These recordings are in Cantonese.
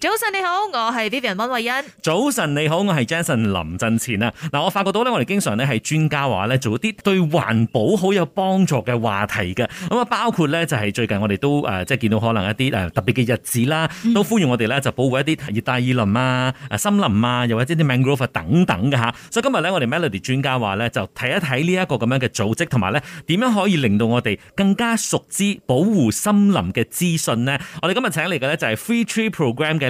早晨你好，我係 Vivian 溫慧欣。早晨你好，我係 Jason 林振前啊！嗱，我發覺到咧，我哋經常咧係專家話咧做一啲對環保好有幫助嘅話題嘅。咁啊，包括咧就係最近我哋都誒，即係見到可能一啲誒特別嘅日子啦，都呼籲我哋咧就保護一啲熱帶雨林啊、誒森林啊，又或者啲 mangrove、啊、等等嘅吓。所以今日咧，我哋 Melody 專家話咧就睇一睇呢一個咁樣嘅組織，同埋咧點樣可以令到我哋更加熟知保護森林嘅資訊咧。我哋今日請嚟嘅咧就係 Free Tree Program 嘅。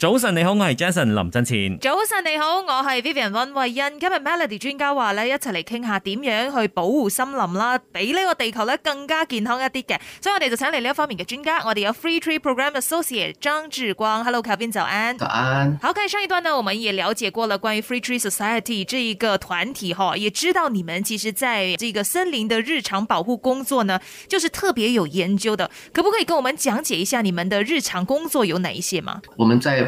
早晨，你好，我係 Jason 林振前。早晨，你好，我係 Vivian 温慧欣。今日 Melody 專家話咧，一齊嚟傾下點樣去保護森林啦，比呢個地球咧更加健康一啲嘅。所以我哋就請嚟呢一方面嘅專家，我哋有 Free Tree Program Associate 張智光。Hello，Calvin，早安。早安。好，喺上一段呢，我們也了解過了關於 Free Tree Society 這一個團體，哈，也知道你們其實在這個森林的日常保護工作呢，就是特別有研究的。可不可以跟我們講解一下你們的日常工作有哪一些嗎？我們在。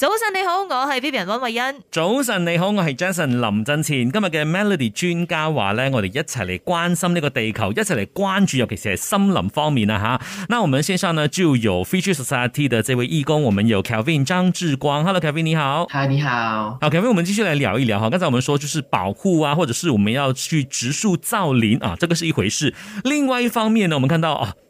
早晨你好，我是 Vivian 溫慧欣。早晨你好，我是 Jason 林振前。今日嘅 Melody 專家話咧，我哋一齊嚟關心呢個地球，一齊嚟關注，尤其是森林方面啊吓。那我們線上呢就有 Future Society 的這位義工，我們有 Calvin 張志光。Hello，Calvin 你好。嗨，你好。好，Calvin，okay, 我們繼續嚟聊一聊哈。剛才我們說就是保護啊，或者是我們要去植樹造林啊，這個是一回事。另外一方面呢，我們看到、啊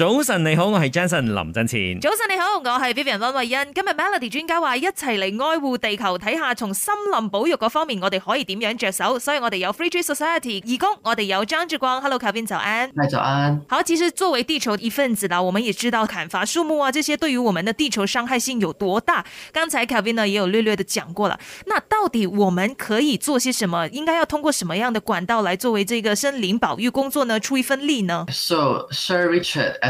早晨，你好，我係 Jason 林振前。早晨，你好，我係 Vivian 溫慧欣。今日 Melody 專家話一齊嚟愛護地球，睇下從森林保育嗰方面，我哋可以點樣着手。所以我哋有 Free Tree Society 義工，我哋有張志光。Hello Kevin，早安。早安。好，其實作為地球一份子啦，我們也知道砍伐樹木啊，這些對於我們的地球傷害性有多大。剛才 Kevin 呢也有略略的講過了。那到底我們可以做些什麼？應該要通過什麼樣的管道來作為這個森林保育工作呢？出一份力呢？So Sir Richard。